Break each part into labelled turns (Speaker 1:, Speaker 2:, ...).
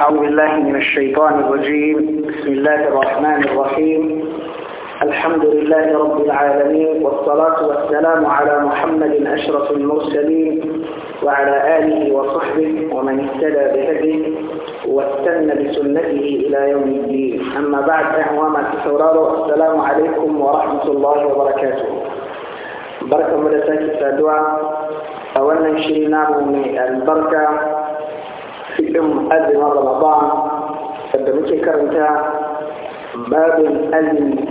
Speaker 1: أعوذ بالله من الشيطان الرجيم بسم الله الرحمن الرحيم الحمد لله رب العالمين والصلاة والسلام على محمد أشرف المرسلين وعلى آله وصحبه ومن اهتدى بهديه واستنى بسنته إلى يوم الدين أما بعد أعوام تسورار السلام عليكم ورحمة الله وبركاته بركة مدساك السادوة أولا شريناه من البركة cikin azumin ramadan sadda muke karanta babin azumi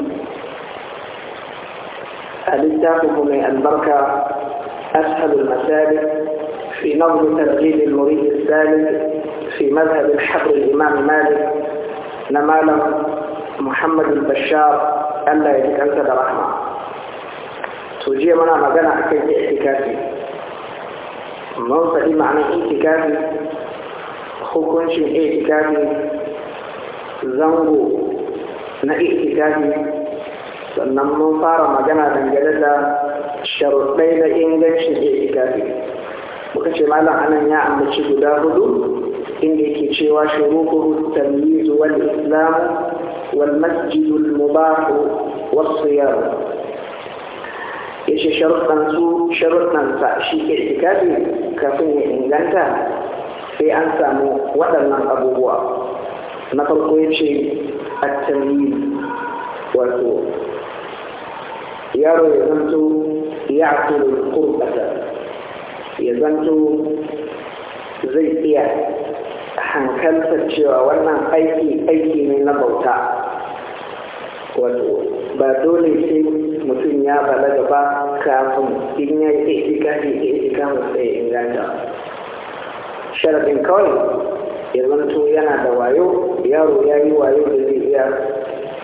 Speaker 1: a littafinmu mai albarka ashab al-masalik fi nazm tarjib al-murid al-salik fi madhhab al-habr al-imam malik na malam muhammad al-bashar Allah ya ji da rahma to jiya muna magana akan itikafi mun faɗi ma'anar itikafi hukuncin itikafi zango na itikafi sannan mun fara magana dangane da sharuɗai na ingancin itikafi muka ce malam anan ya ambaci guda hudu inda yake cewa shuruquhu tamyiz wal islam wal masjid al mubah was siyar yace sharuɗan su sharuɗan sa shi ke kafin ya inganta sai an samu waɗannan abubuwa na farko ya ce a wato yaro ya zanto ya turu kurbata ya zanto zai iya hankaltar cewa wannan aiki aiki ne na bauta wato ba dole sai mutum ya balaga ba kafin in ya yi ikikafi ikikafi sai inganta sharaɗin kawai ya zanto yana da wayo yaro ya yi wayo da zai iya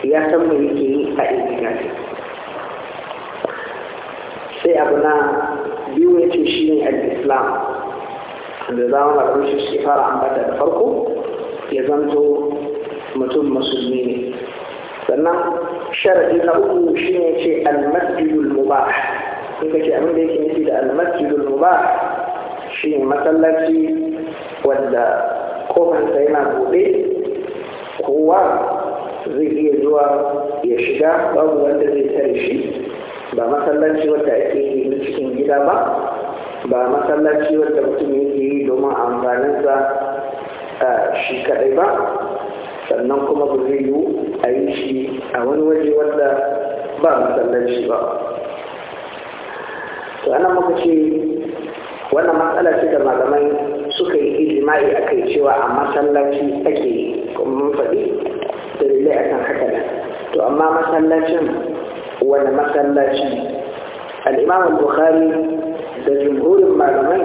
Speaker 1: ya san me yake yi a ingilati sai abu na biyu ya ce shi ne al-islam da za mu shi shi fara ambata da farko ya zanto mutum musulmi ne sannan sharadi na uku shi ne ce al-masjidul mubah in ka ce abin da yake nufi da al-masjidul mubah shi ne masallaci wanda kofarsa yana buɗe kowa zai iya zuwa ya shiga babu wanda zai tare shi ba masallaci wanda ake yi cikin gida ba ba masallaci wanda mutum yake yi domin amfaninsa shi kadai ba sannan kuma ba zai yiwu a yi shi a wani waje wanda ba masallaci ba to ana muka ce wannan matsala ce da malamai ijma'i a kai cewa a masallaci ake mun faɗi da dalilai akan haka da to amma masallacin wani masallaci al'imam al da jumhurin malamai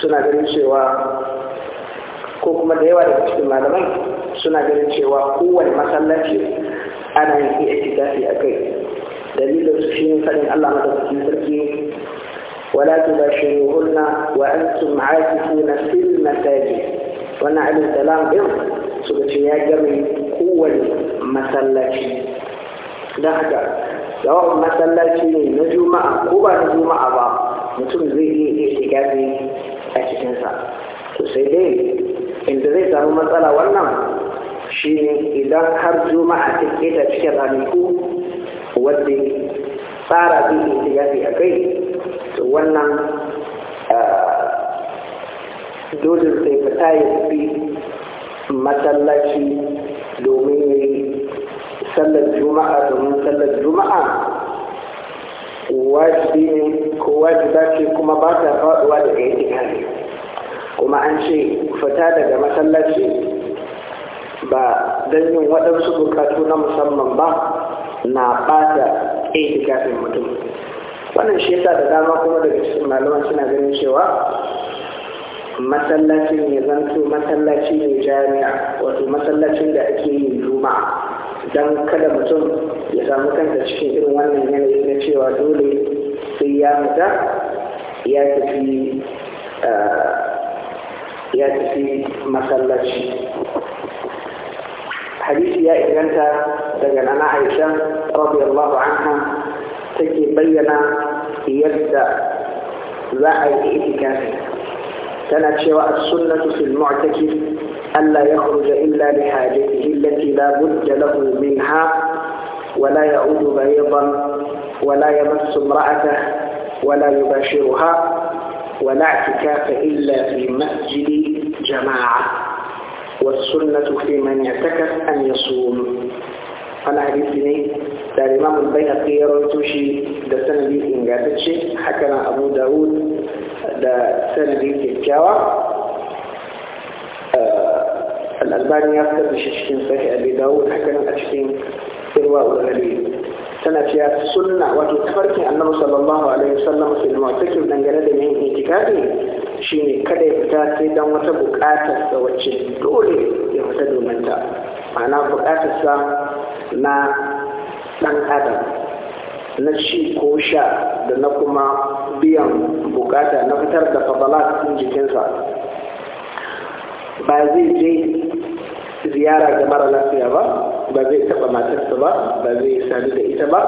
Speaker 1: suna ganin cewa ko kuma da yawa daga cikin malamai suna ganin cewa kowane masallaci ana yin iya a kai dalilin su shi ne faɗin allah madaukakin sarki ولا تباشروهن وأنتم عاكفون في المساجد وانا عليه السلام إن سبت يا جميع قوة مسلتي دهك yawan masallaci ne na juma'a ko ba na juma'a ba mutum zai iya iya shiga a cikinsa to sai dai inda zai samu matsala wannan shi ne idan har juma'a ta keta cikin ranaku wadda tsara zai iya shiga a kai wannan dole sai fita ya fi masallaci domin ya yi sallar juma'a domin sallar juma'a wajibi ne ko wajiba ce kuma ba ta faɗuwa daga itikari kuma an ce fita daga masallaci ba don yin waɗansu bukatu na musamman ba na ɓata ga mutum wannan shi yasa da dama kuma daga cikin malaman suna ganin cewa masallacin ya zanto masallaci ne jami'a wato masallacin da ake yi juma don kada mutum ya samu kanta cikin irin wannan yanayi na cewa dole sai ya mata ya tafi eh, ya tafi masallaci hadisi ya inganta daga nana aisha radiyallahu anha take bayyana يبدأ بعد الاعتكاف كانت شراء السنة في المعتكف ألا يخرج إلا لحاجته التي لا بد له منها ولا يعود مريضا ولا يمس امرأته ولا يباشرها ولا اعتكاف إلا في مسجد جماعة والسنة في من اعتكف أن يصوم wani hadisi ne da limamin bai haƙi ya rawaito shi da sanadi ingantacce haka nan abu dawud da sanadi kyakkyawa eh, al'albani ya fitar da shi cikin sahi abu dawud haka nan a cikin irwa ulali tana cewa sunna wato tafarkin annabi sallallahu alaihi wasallam fil mu'takif dangane da yin itikafi shine kada ya fita sai dan wata buƙatar sa wacce dole ya fita domin ta ma'ana buƙatar sa na ɗan adam na ci ko sha da na kuma biyan bukata na fitar da fadala cikin jikinsa ba zai je ziyara ga mara lafiya ba ba zai taɓa matarsa ba ba zai sami da ita ba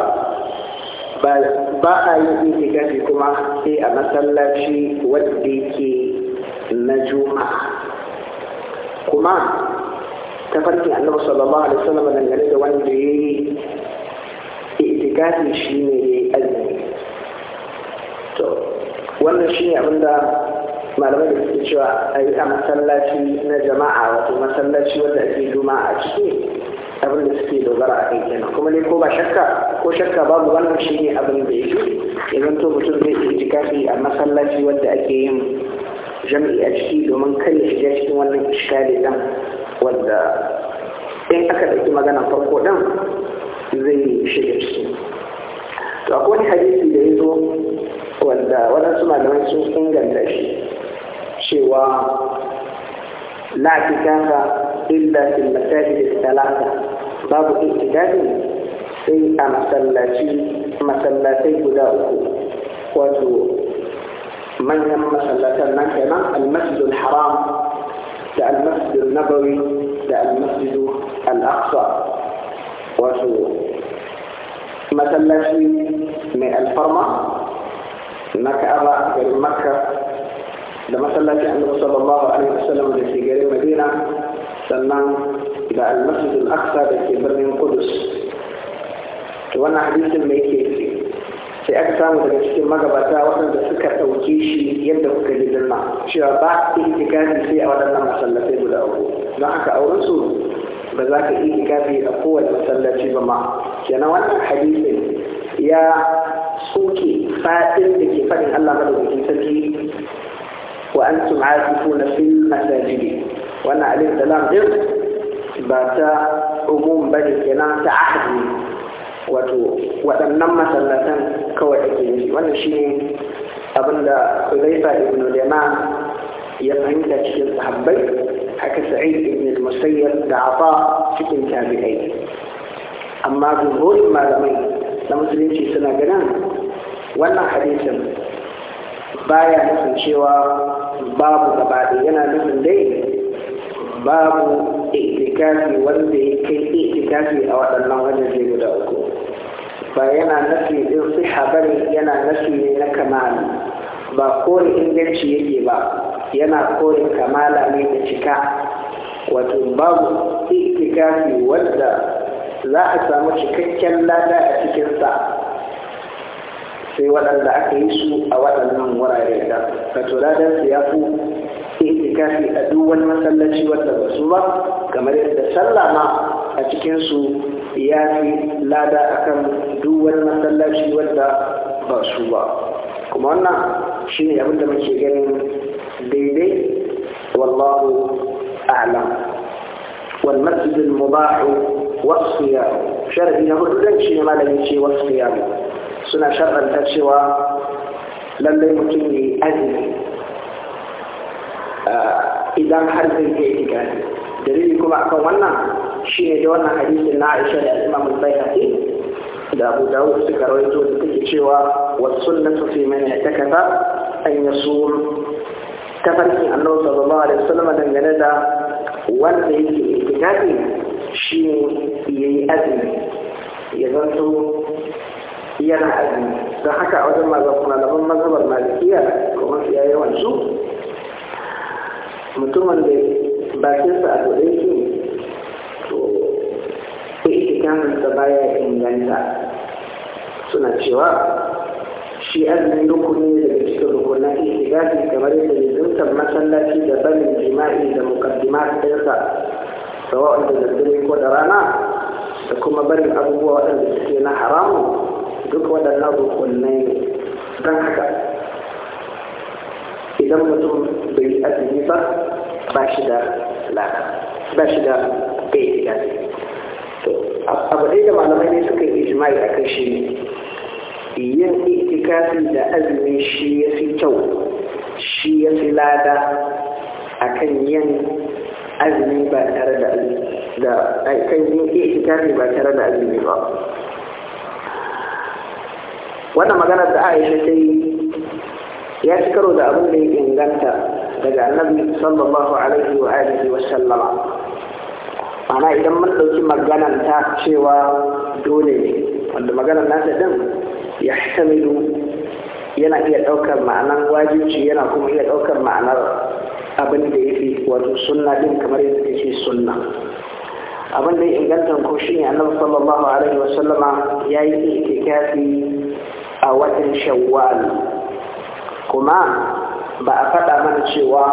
Speaker 1: ba a yi gafi kuma sai a masallaci wadda yake na juma'a kuma tafarkin annabi sallallahu alaihi wasallam dangane da wanda ya yi itikafi shi ne ya yi azumi to wannan shi ne abinda malamai da suke cewa a yi a masallaci na jama'a wato masallaci wanda ake juma'a a ciki abin da suke dogara a kai kenan kuma ne ko ba shakka ko shakka babu wannan shi ne abin da ya fi idan to mutum zai itikafi a masallaci wanda ake yin jam'i a ciki domin kan ya shiga cikin wannan iskali ɗan. wadda in aka ɗauki magana farko ɗan zai shirya su to akwai wani hadisi da ya zo wadda waɗansu malamai sun inganta shi cewa la fitaka illa fil masajid salata babu ittidali sai a masallaci masallatai guda uku wato manyan masallatan nan kenan al al haram da almasjidin nabawi da almasjidu al'aqsa wato masallaci mai alfarma na ka'aba garin makka da masallacin annabi sallallahu alaihi wasallam da ke garin madina sannan da almasjidin aqsa da ke birnin kudus to wannan hadisin da yake sai aka samu daga cikin magabata waɗanda suka ɗauke shi yadda kuka yi dinna cewa ba itikafi sai a waɗannan masallatai guda uku don haka auren su ba za ka yi itikafi a kowace masallaci ba ma kenan wannan hadisin ya soke fadin da ke faɗin Allah madaukakin sarki wa antum aakifuna fil masajid wannan alif salam din ba ta umum bane kenan ta ahadi wato waɗannan masallatan kawai ake yi wannan shi ne abinda Uzaifa ibn Liman ya fahimta cikin sahabbai haka Sa'id ibn Musayyar da Afa cikin tabi'ai amma jumhurin malamai na musulunci suna ganin wannan hadisin baya nufin cewa babu gabaɗe yana nufin dai babu itikafi wanda ya kai itikafi a waɗannan wajen guda uku ba yana nafi din siha bane yana nafi ne na kamali ba kore inganci yake ba yana kore kamala ne da cika wato babu itikafi wadda za a samu cikakken lada a cikinsa sai waɗanda aka yi su a waɗannan wurare da wato ladan su ya fi itikafi a duk wani masallaci wadda ba su ba kamar yadda ma. a cikinsu ya fi lada akan duk wani masallaci wanda ba su ba kuma wannan shi ne abinda muke ganin daidai wallahu a'lam wal masjidul mubahu wasiyam sharadi na hudu dan shi ne malami ce wasiyam suna sharɗanta cewa lallai mutum ne azumi ah, idan har zai iya dalili kuma akan wannan shi ne da wannan hadisin na Aisha da Imam Al-Baihaqi da Abu Dawud suka rawaito da take cewa was sunnatu fi man yatakata an yasur tafarkin Annabi sallallahu alaihi wasallam dangane da wanda yake itikafi shi ne yayi azumi ya zanto yana azumi don haka a wajen malaman mazhabar malikiya kuma ya yawan su mutumin da bakinsa a dole yake imaninsa baya inganta suna cewa shi azumi rukuni daga cikin rukunan ihtigafi kamar yadda lizintar masallaci da barin jima'i da mukaddima ɗinsa sawa'un da daddare ko da rana da kuma barin abubuwa waɗanda suke na haramu duk waɗannan rukunai ne don haka idan mutum bai azumi ba ba shi da lada ba shi da bai ihtigafi abu dai da malamai ne suka yi ijma'i a kan shi ne. yin itikafi da azumi shi ya fi kyau shi ya fi lada akan yin azumi ba tare da da kan yin itikafi ba tare da azumi ba wannan magana da Aisha ta yi ya ci karo da abin da ya inganta daga annabi sallallahu alaihi wa alihi wa sallama ma'ana idan mun ɗauki maganar ta cewa dole ne wanda maganan nasa din ya tamilu yana iya ɗaukar ma'anar wajibci yana kuma iya ɗaukar ma'anar abin da ya fi wato sunna din kamar yadda ya ce sunna abin da ya inganta ko shi ne annabi sallallahu alaihi wasallama ya yi itikafi a watan shawwal kuma ba a faɗa mana cewa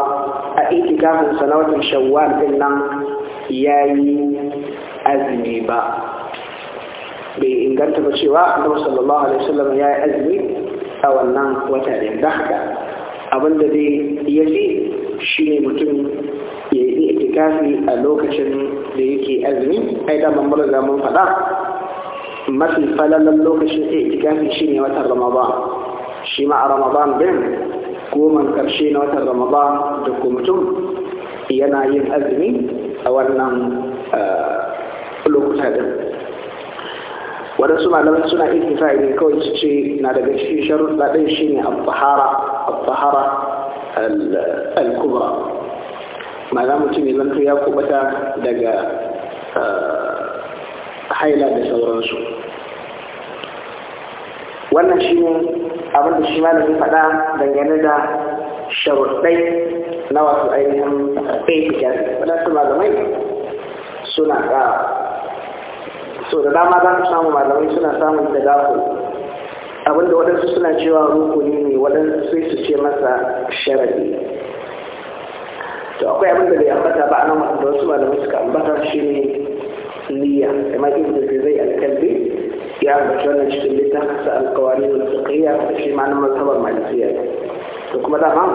Speaker 1: a itikafinsa na watan shawwal din nan ya yi azumi ba bai inganta ba cewa annabi sallallahu alaihi wasallam ya yi azumi a wannan wata ne da haka abinda zai iya fi ne mutum ya yi itikafi a lokacin da yake azumi ai da mun riga mun faɗa mafi falalan lokacin itikafi shine watan ramadan shi ma a ramadan din goman karshe na watan ramadan da kuma mutum yana yin azumi a wannan eh, lokuta din waɗansu malamai suna ikisa ne kawai su ce na daga cikin sharuɗa ɗaɗin shi ne al-fahara al kubra ma'ana mutum ya ya kubata daga eh, haila da sauransu wannan shi ne abinda shi malamin faɗa dangane da sharuɗai na wasu ainihin ƙaiƙiyar waɗansu malamai suna ga so da dama za su samu malamai suna samun da gafo abinda wadansu suna cewa rukuni ne wadansu sai su ce masa sharadi to akwai abinda bai ambata ba a nan da wasu malamai suka ambata shi ne niyya kamar ibn zai alkalbi ya ambaci wannan cikin littafin sa alkawari da suqiya shi ma'anar martabar malikiya to kuma dama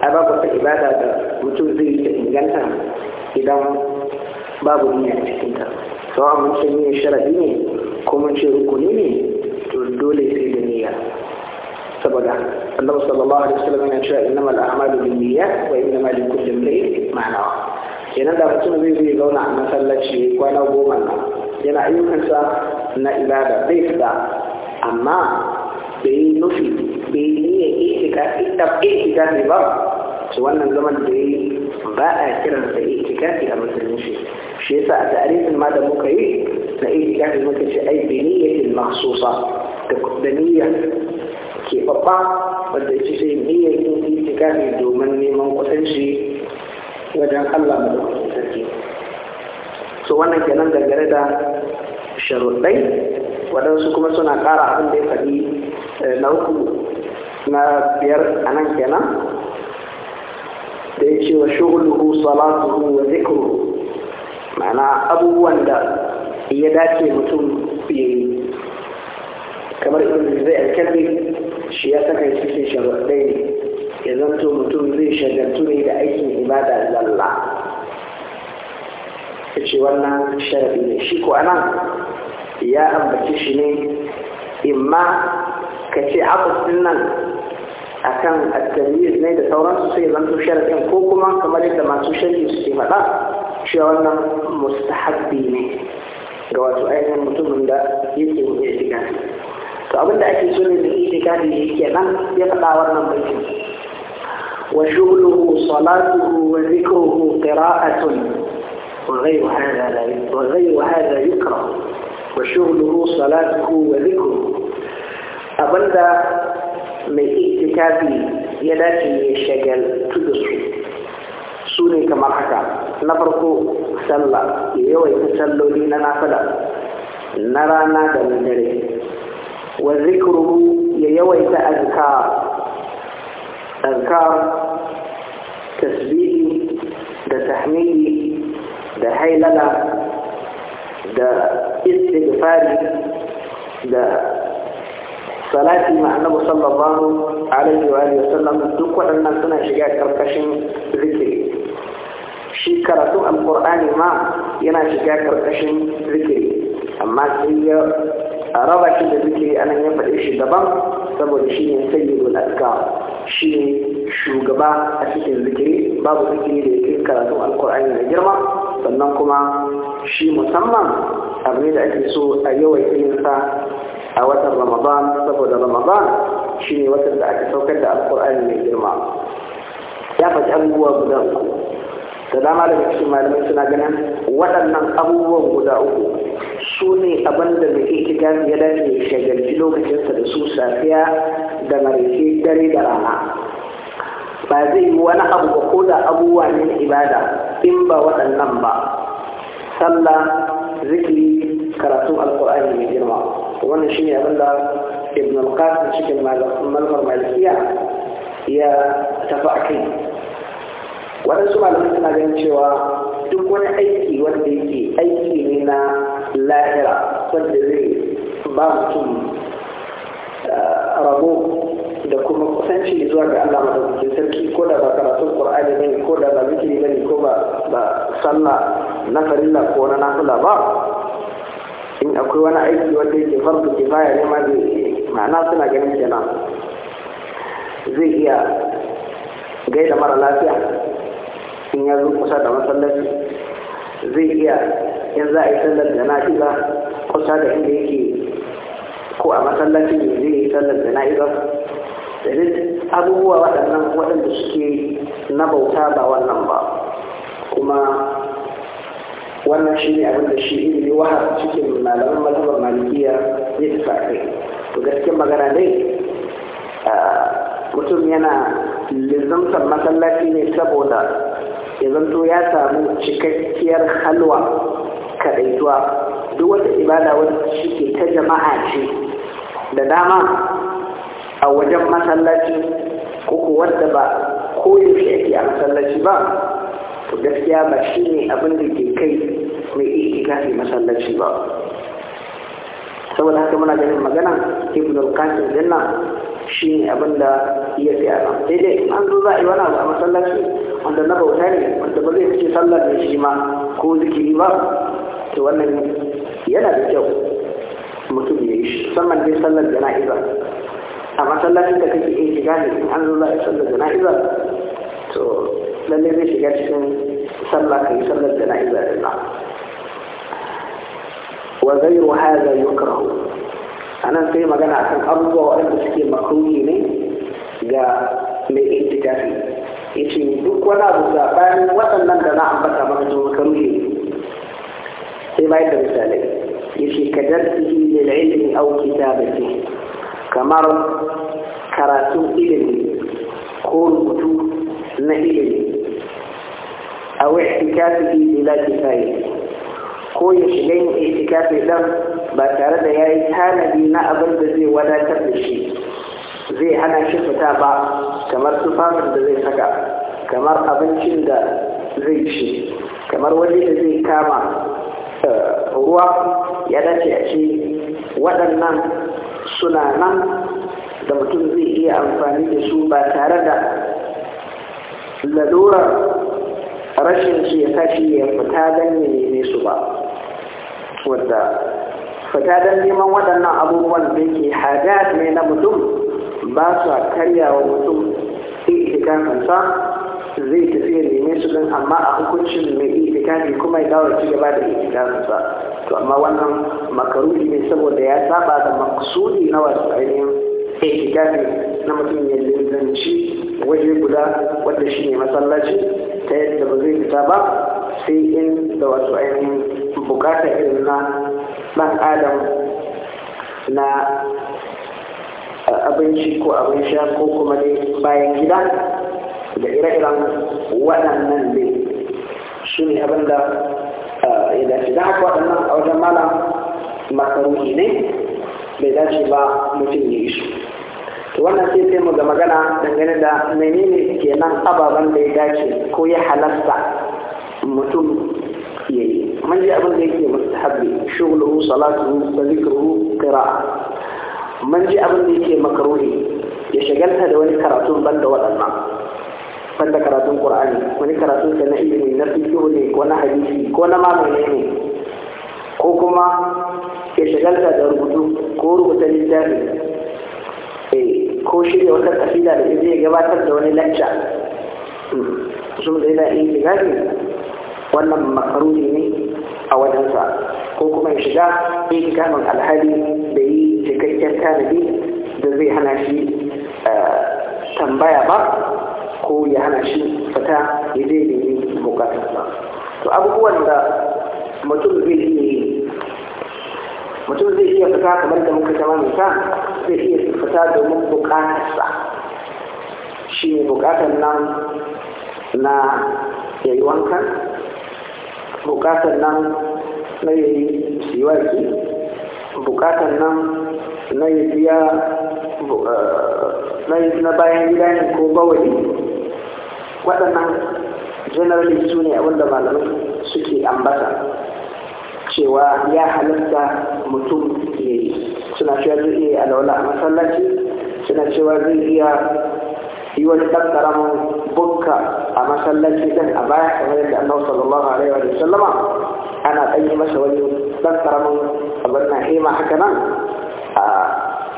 Speaker 1: ai babu wata ibada da mutum zai yi ta inganta idan babu niyya a cikinta sawa mun ce niyyar sharadi ne ko mun ce rukuni ne to dole sai da niyya saboda Allah sallallahu alaihi wasallam yana cewa innamal a'malu binniyat wa innamal likulli imrin ma nawa kenan da mutum zai zai zauna a masallaci kwana goma na yana ayyukansa na ibada zai fita amma bai nufi bai niyya ita ka itikafi ba ce wannan zaman da yi ba a kiran sa itikafi a musulunci shi yasa a tarihin ma da muka yi na itikafi muka ce ai bi niyyatin mahsusa da niyya ke babba wanda ya ce niyyar yin itikafi domin neman kusanci wajen Allah madaukakin sarki so wannan kenan dangane da sharuɗai waɗansu kuma suna ƙara abin da ya faɗi eh, na uku na biyar a nan kenan da ya ce wa shuguluhu salatuhu wa zikru ma'ana abubuwan da ya dace mutum ya yi kamar ibn zai alkalli shi ya saka cikin sharaɗai ne ya zanto mutum zai shagaltu ne da aikin ibada lalla ya ce wannan sharaɗi ne shi ko anan ya ambaci shi ne imma ka ce akasin nan akan at ne da sauransu sai zan su sharadin ko kuma kamar yadda masu su ke faɗa cewa wannan mustahabbi ne ga wato ainihin mutumin da yake yin shiga to abin da ake so ne da yake shiga da yake nan ya faɗa wannan baitin wa shughluhu salatuhu wa dhikruhu qira'atun wa ghayru hadha la wa ghayru hadha yukrah wa shughluhu salatuhu wa dhikruhu abinda mai iktitafi ya dace ya shagaltu da su su ne kamar haka na farko sallah ya yawaita salloli na nafila na rana da dare wa ya yawaita azkar azkar tasbihi da tahmidi da hailala da istighfari da salati ma annabi sallallahu alaihi wa sallam duk waɗannan suna shiga ƙarƙashin zikiri shi karatun alƙur'ani ma yana shiga ƙarƙashin zikiri amma sai ya raba shi da zikiri anan ya faɗi shi daban saboda shi ne sayyidul azkar shi ne shugaba a cikin zikiri babu zikiri da yake karatun alƙur'ani da girma sannan kuma shi musamman abu ne da ake so a yawan sa a watan ramadan saboda ramadan ne watan da aka saukar da alkur'ani mai girma ya faɗi abubuwa guda uku da dama daga cikin malamai suna ganin waɗannan abubuwan guda uku su ne abin da mai ikita ya dace shagalci lokacinsa da su safiya da maraice dare da rana ba zai yi wani abu ba ko da abubuwa ne ibada in ba waɗannan ba sallah zikiri karatun alkur'ani mai girma wannan shine abin da ibn al-qasim cikin malamar malikiya ya tafi a kai waɗansu malamai suna ganin cewa duk wani aiki wanda yake aiki ne na lahira wanda zai ba mutum eh, rabo da kuma kusanci zuwa ga Allah bikin sarki ko da ba karatun Qur'ani ne, ko da ba zikiri ne, ko ba sallah na farilla ko na nafila ba in akwai wani aiki wanda yake farko ke baya ne ma ma'ana suna ganin kenan zai iya gaida mara lafiya in ya zo kusa da masallaci zai iya in za a yi sallar jana'iza kusa da inda yake ko a masallaci ne zai yi sallar jana'iza da duk abubuwa waɗannan waɗanda suke na bauta ba wannan ba kuma wannan shi ne abin da shi ilimi wahar cikin malaman mazhabar malikiya ya tafi kai to gaskiyar magana dai mutum yana lizantar masallaci ne saboda ya zanto ya samu cikakkiyar halwa kaɗaituwa. duk wata ibada wadda shi ke ta jama'a ce da dama a wajen masallaci ko wadda ba koyaushe ake a masallaci ba to gaskiya ba shi ne abin da ke kai mai itikafi masallaci ba saboda haka muna ganin magana ibn al-qasim dinna shi ne abin da ya tsaya nan sai dai in an zo za a yi wani abu a masallaci wanda na bauta ne wanda ba zai fice sallar da shi ma ko zikiri ba to wannan yana da kyau mutum ya yi shi musamman dai sallar jana'iza a masallacin da kake iya shiga ne in an zo za a yi sallar jana'iza to lallai zai shiga cikin sallah ka yi sallar jana'iza da Allah wa ghayru hadha yukrahu anan sai magana akan abubuwa waɗanda suke makruhi ne ga mai itikafi yace duk wani abu sabanin waɗannan da na ambata maka to makruhi sai bayar da misalai yace kadarsihi lil ilmi aw kitabatihi kamar karatun ilimi ko rubutu na ilimi aw ihtikafihi bila kifaya ko ya shiga yin ihtikafi dan ba tare da yayi tanadi na abin da zai wadatar da shi zai hana shi fita ba kamar tufafin da zai saka kamar abincin da zai ci kamar waje da zai kama ruwa ya dace a ce waɗannan suna nan da mutum zai iya amfani da su ba tare da lalurar rashin shi ya kashi ya fita don ya neme su ba wadda fita don neman waɗannan abubuwan da ke hada ne na mutum ba su karya wa mutum itikafinsa zai tafi ya neme su don amma a hukuncin mai ne kuma ya dawo ci gaba da itikafinsa to amma wannan makaruri ne saboda ya saba da makusudi na wasu ainihin ne na mutum ya lindance waje guda wanda shi ne masallaci ta yadda ba zai fita ba sai in da wasu ainihin bukata irin na ɗan adam na abinci ko abin sha ko kuma dai bayan gida da ire-iren waɗannan ne shi ne abin da eh, ya dace da haka waɗannan a wajen malam makaruhi ne bai dace ba mutum ya yi su wannan sai sai mu ga magana dangane da menene kenan ababen da ya dace ko ya halasta mutum ya yi man ji abin da yake mustahabbi shughluhu salatuhu wa zikruhu qira'a man ji abin da yake makruhi ya shagalta da wani karatun banda waɗannan banda karatun qur'ani wani karatun sa na ilimi na fiqh ne ko na hadisi ko na mamane ne ko kuma ya shagalta da rubutu ko rubuta littafi ko shirya wata kasida da zai gabatar da wani lacca sun da yana yin gani wannan makaruni ne a wajensa ko kuma ya shiga kamun alhali da yi cikakken tanadi da zai hana shi eh, tambaya ba ko ya hana shi fata ya zai da yi bukatarsa to abubuwan da mutum zai iya yi mutum zai iya fita kamar da muka zama sa, zai iya kyautata domin bukatarsa shi ne bukatar nan na yayi wanka bukatar nan na yayi siwaki bukatar nan na eh, yi biya na bayan gida ne ko bawali waɗannan generally su ne abinda malamai suke ambata cewa ya halitta mutum ya yi suna cewa zai iya alwala a masallaci suna cewa zai iya yi wani ɗan ƙaramin bukka a masallaci ɗin a baya kamar yadda annabi sallallahu alaihi wa sallama ana ɗan yi masa wani ɗan ƙaramin abin na hema haka nan a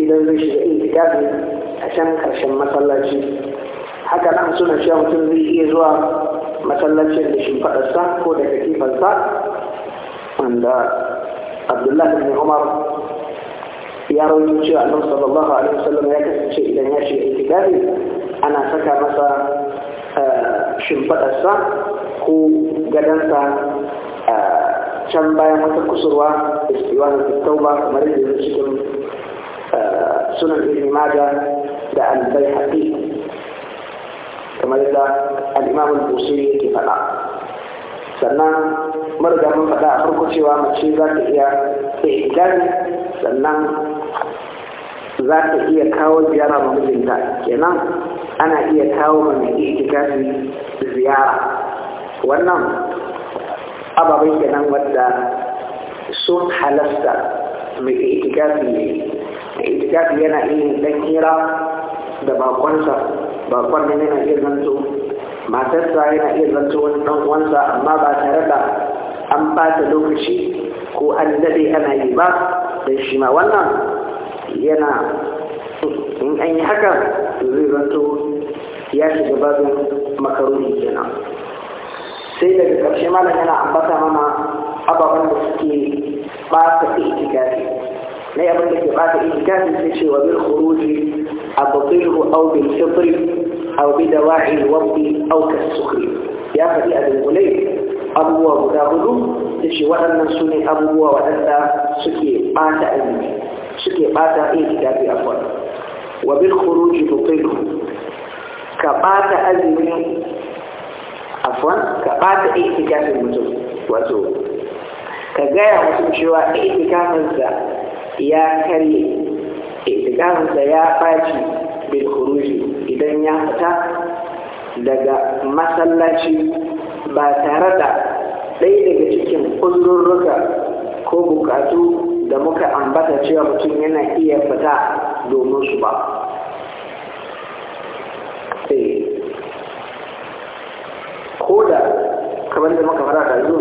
Speaker 1: idan zai shiga intikafi a can ƙarshen masallaci haka nan suna cewa mutum zai iya zuwa masallacin da shimfaɗarsa ko da katifarsa wanda abdullahi bin umar ya rawaito cewa annabi sallallahu alaihi wasallam ya kasance idan ya shiga itikafi ana saka masa eh, shimfadarsa ko gadansa eh, can bayan wata kusurwa istiwanin tauba kamar yadda cikin eh, sunan ibn majah da albai haƙi kamar yadda al'imamun busiri yake faɗa sannan marigamin faɗa a farko cewa mace za ta iya ta sannan za ta iya kawo ziyara ma mijinta kenan ana iya kawo ma mai itikafi ziyara wannan ababai kenan wadda sun halasta mai itikafi mai itikafi yana iya dan hira da bakonsa bakon ne yana iya zanto matarsa yana iya zanto wani dan uwansa amma ba tare da an bata lokaci ko an daɗe ana yi ba sai shi ma wannan yana in an yi haka zai zanto ya shiga babin makaroni kenan sai daga ƙarshe malam yana ambata mana ababen da suke ɓata itikafi na abin da ke ɓata itikafi sai ce wa bil khuruji abqihu aw bil fitri aw bi dawa'i al ya faɗi a dangulai abubuwa guda hudu da shi waɗannan su ne abubuwa waɗanda suke ɓata aiki suke ɓata aiki da fi afuwa wa bil khuruji tutilu ka ɓata azumin afuwan ka ɓata aiki kafin mutum wato ka gaya mutum cewa aiki kafinsa ya karye aiki kafinsa ya ɓaci bil khuruji idan ya fita daga masallaci ba tare da ɗaya daga cikin ƙullurruka ko bukatu da muka ambata cewa mutum yana iya fita domin su ba eh. ko da kamar da muka fara ɗazu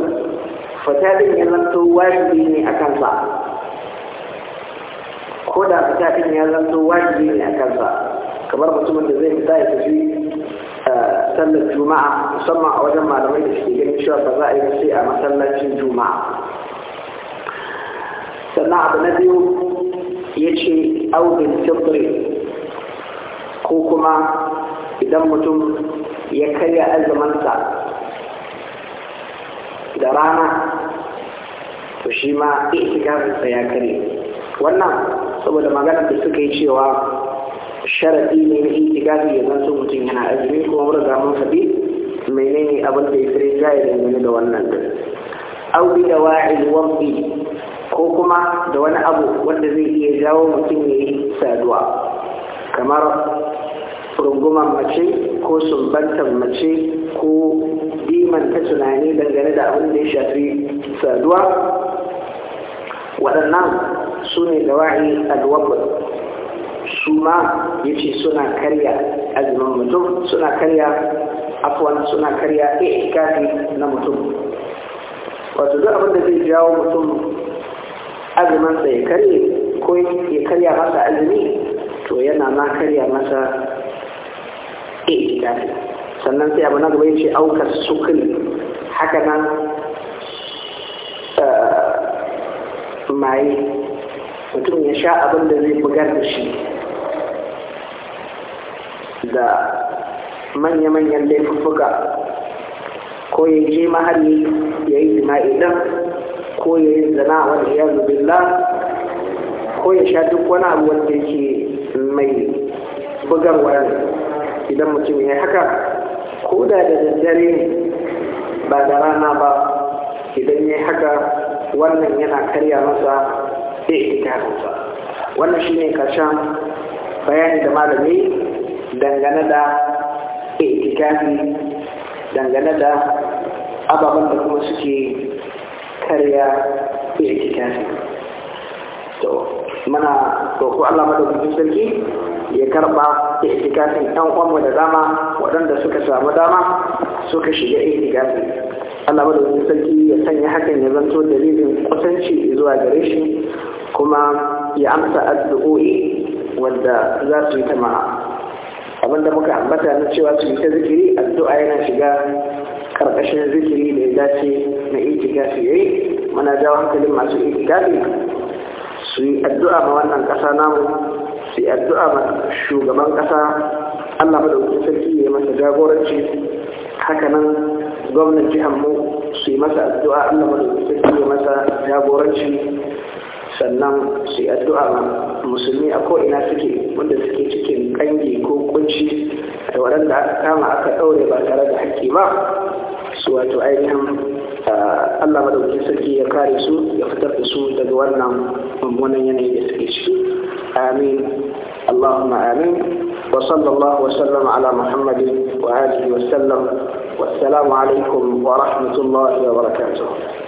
Speaker 1: fata ɗin ya zanto wajibi ne a kansa ko da fita din ya zanto wajibi ne a kansa kamar mutumin da zai fita ya tafi sallar juma'a musamman a wajen malamai da suke ganin cewa ba za a yi sai a masallacin juma'a sannan abu na biyu ya ce aubin tibri ko kuma idan mutum ya karya azumansa da rana to shi ma ya karye wannan saboda maganar da suka yi cewa sharaɗi ne na itikafi ya so mutum yana azumi ko mun riga mun menene abin da ya fi rinjaye dangane da wannan din au bi da wa'il waqti ko kuma da wani abu wanda zai iya jawo mutum ya yi saduwa kamar runguman mace ko sumbantar mace ko dimanta tunani dangane da abin da ya shafi saduwa waɗannan su ne da wa'i alwabar su ma ya ce suna karya azumin mutum suna karya afuwan suna karya ikikafi na mutum wato duk abin da zai jawo mutum azumansa ya karye ko ya karya masa azumi to yana ma karya masa ikikafi sannan sai abu na gaba ya ce aukar sukun haka na eh, maye mutum ya sha abin da zai bugar da shi da manya-manyan laifuffuka ko ya je mahalli ya yi jima'i ɗan ko ya yi zana wani ya zubilla ko ya sha duk wani abu wanda yake mai bugar wani idan mutum ya haka ko da da daddare ba da rana ba idan ya haka wannan yana karya masa sai ita wannan shi ne karshen bayani da malami dangane da itikafi dangane da ababen da kuma suke karya itikafi to mana roƙo Allah madaukakin sarki ya karɓa itikafin ɗan uwanmu da dama waɗanda suka samu dama suka shiga itikafi Allah madaukakin sarki ya sanya hakan ya zanto dalilin kusanci zuwa gare shi kuma ya amsa addu'o'i wadda za su yi ta da muka ambata na cewa su ta zikiri addu'a yana shiga karkashin zikiri da ya dace na itikafi yayi muna jawo hankalin masu itikafi su yi addu'a ma wannan ƙasa namu su yi addu'a ma shugaban ƙasa Allah madaukakin sarki ya masa jagoranci hakanan gwamnan jihar mu su yi masa addu'a Allah madaukakin sarki ya masa jagoranci sannan su yi addu'a ma musulmi a ko'ina suke wanda suke cikin kange ko kunci da waɗanda aka kama aka ɗaure ba tare da haƙƙi ba su wato ainihin Allah madaukakin sarki ya kare su ya fitar da su daga wannan mummunan yanayi da suke ciki amin Allahumma amin wa sallallahu wa sallam ala Muhammadin wa alihi wa sallam wassalamu alaikum wa rahmatullahi wa barakatuh